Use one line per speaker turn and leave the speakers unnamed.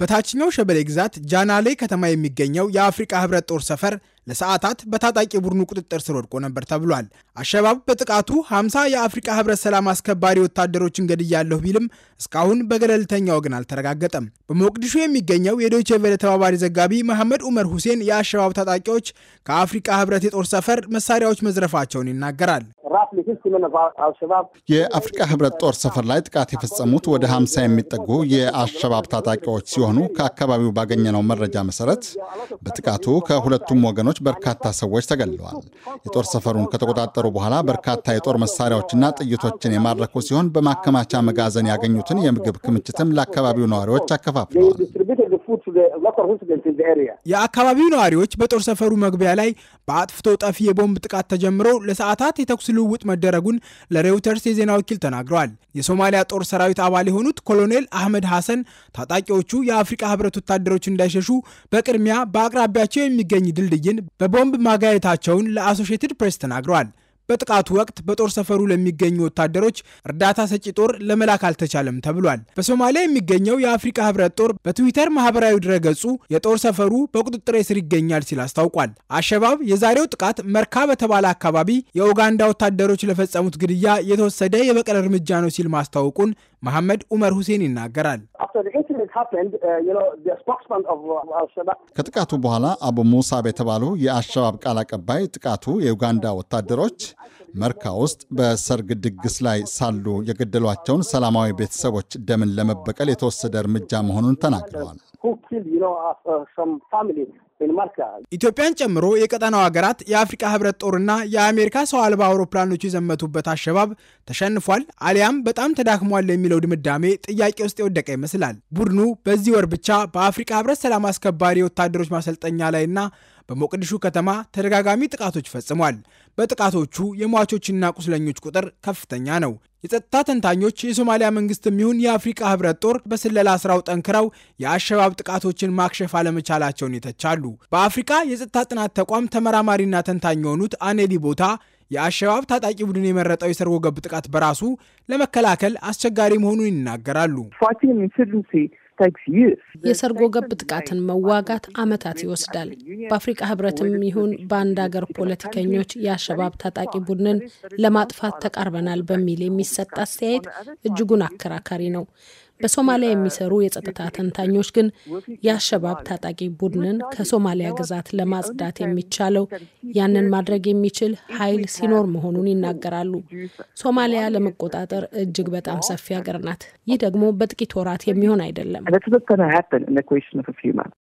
በታችኛው ሸበሌ ግዛት ጃናሌ ከተማ የሚገኘው የአፍሪቃ ህብረት ጦር ሰፈር ለሰዓታት በታጣቂ ቡድኑ ቁጥጥር ስር ወድቆ ነበር ተብሏል። አሸባብ በጥቃቱ 50 የአፍሪቃ ህብረት ሰላም አስከባሪ ወታደሮችን ገድያለሁ ቢልም እስካሁን በገለልተኛ ወገን አልተረጋገጠም። በሞቅዲሾ የሚገኘው የዶይቼ ቬለ ተባባሪ ዘጋቢ መሐመድ ኡመር ሁሴን የአሸባብ ታጣቂዎች ከአፍሪቃ ህብረት የጦር ሰፈር መሳሪያዎች መዝረፋቸውን ይናገራል።
የአፍሪካ ህብረት ጦር ሰፈር ላይ ጥቃት የፈጸሙት ወደ 50 የሚጠጉ የአሸባብ ታጣቂዎች ሲሆኑ ከአካባቢው ባገኘነው መረጃ መሰረት በጥቃቱ ከሁለቱም ወገኖች በርካታ ሰዎች ተገለዋል። የጦር ሰፈሩን ከተቆጣጠሩ በኋላ በርካታ የጦር መሳሪያዎችና ጥይቶችን የማረኩ ሲሆን በማከማቻ መጋዘን ያገኙትን የምግብ ክምችትም ለአካባቢው ነዋሪዎች አከፋፍለዋል። የአካባቢው ነዋሪዎች በጦር ሰፈሩ መግቢያ ላይ
በአጥፍቶ ጠፊ የቦምብ ጥቃት ተጀምሮ ለሰዓታት የተኩስ ልውውጥ መደረጉን ለሬውተርስ የዜና ወኪል ተናግረዋል። የሶማሊያ ጦር ሰራዊት አባል የሆኑት ኮሎኔል አህመድ ሐሰን ታጣቂዎቹ የአፍሪካ ህብረት ወታደሮች እንዳይሸሹ በቅድሚያ በአቅራቢያቸው የሚገኝ ድልድይን በቦምብ ማጋየታቸውን ለአሶሼትድ ፕሬስ ተናግረዋል። በጥቃቱ ወቅት በጦር ሰፈሩ ለሚገኙ ወታደሮች እርዳታ ሰጪ ጦር ለመላክ አልተቻለም ተብሏል። በሶማሊያ የሚገኘው የአፍሪካ ህብረት ጦር በትዊተር ማህበራዊ ድረገጹ የጦር ሰፈሩ በቁጥጥር ስር ይገኛል ሲል አስታውቋል። አሸባብ የዛሬው ጥቃት መርካ በተባለ አካባቢ የኡጋንዳ ወታደሮች ለፈጸሙት ግድያ የተወሰደ የበቀል እርምጃ ነው ሲል ማስታወቁን መሐመድ ኡመር ሁሴን ይናገራል።
uh, uh,
ከጥቃቱ በኋላ አቡ ሙሳብ የተባሉ የአሸባብ ቃል አቀባይ ጥቃቱ የኡጋንዳ ወታደሮች መርካ ውስጥ በሰርግ ድግስ ላይ ሳሉ የገደሏቸውን ሰላማዊ ቤተሰቦች ደምን ለመበቀል የተወሰደ እርምጃ መሆኑን ተናግረዋል። ኢትዮጵያን ጨምሮ የቀጠናው
ሀገራት የአፍሪቃ ህብረት ጦርና የአሜሪካ ሰው አልባ አውሮፕላኖች የዘመቱበት አሸባብ ተሸንፏል አሊያም በጣም ተዳክሟል የሚለው ድምዳሜ ጥያቄ ውስጥ የወደቀ ይመስላል። ቡድኑ በዚህ ወር ብቻ በአፍሪካ ህብረት ሰላም አስከባሪ ወታደሮች ማሰልጠኛ ላይና በሞቅዲሹ ከተማ ተደጋጋሚ ጥቃቶች ፈጽሟል። በጥቃቶቹ የሟቾችና ቁስለኞች ቁጥር ከፍተኛ ነው። የጸጥታ ተንታኞች የሶማሊያ መንግስት ይሁን የአፍሪካ ህብረት ጦር በስለላ ስራው ጠንክረው የአሸባብ ጥቃቶችን ማክሸፍ አለመቻላቸውን ይተቻሉ። በአፍሪካ የጸጥታ ጥናት ተቋም ተመራማሪና ተንታኝ የሆኑት አኔሊ ቦታ የአሸባብ ታጣቂ ቡድን የመረጠው የሰርጎ ገብ ጥቃት በራሱ ለመከላከል አስቸጋሪ መሆኑን ይናገራሉ።
የሰርጎ ገብ ጥቃትን መዋጋት አመታት ይወስዳል። በአፍሪቃ ህብረትም ይሁን በአንድ ሀገር ፖለቲከኞች የአሸባብ ታጣቂ ቡድንን ለማጥፋት ተቃርበናል በሚል የሚሰጥ አስተያየት እጅጉን አከራካሪ ነው። በሶማሊያ የሚሰሩ የጸጥታ ተንታኞች ግን የአሸባብ ታጣቂ ቡድንን ከሶማሊያ ግዛት ለማጽዳት የሚቻለው ያንን ማድረግ የሚችል ኃይል ሲኖር መሆኑን ይናገራሉ። ሶማሊያ ለመቆጣጠር እጅግ በጣም ሰፊ ሀገር ናት። ይህ ደግሞ በጥቂት ወራት የሚሆን አይደለም።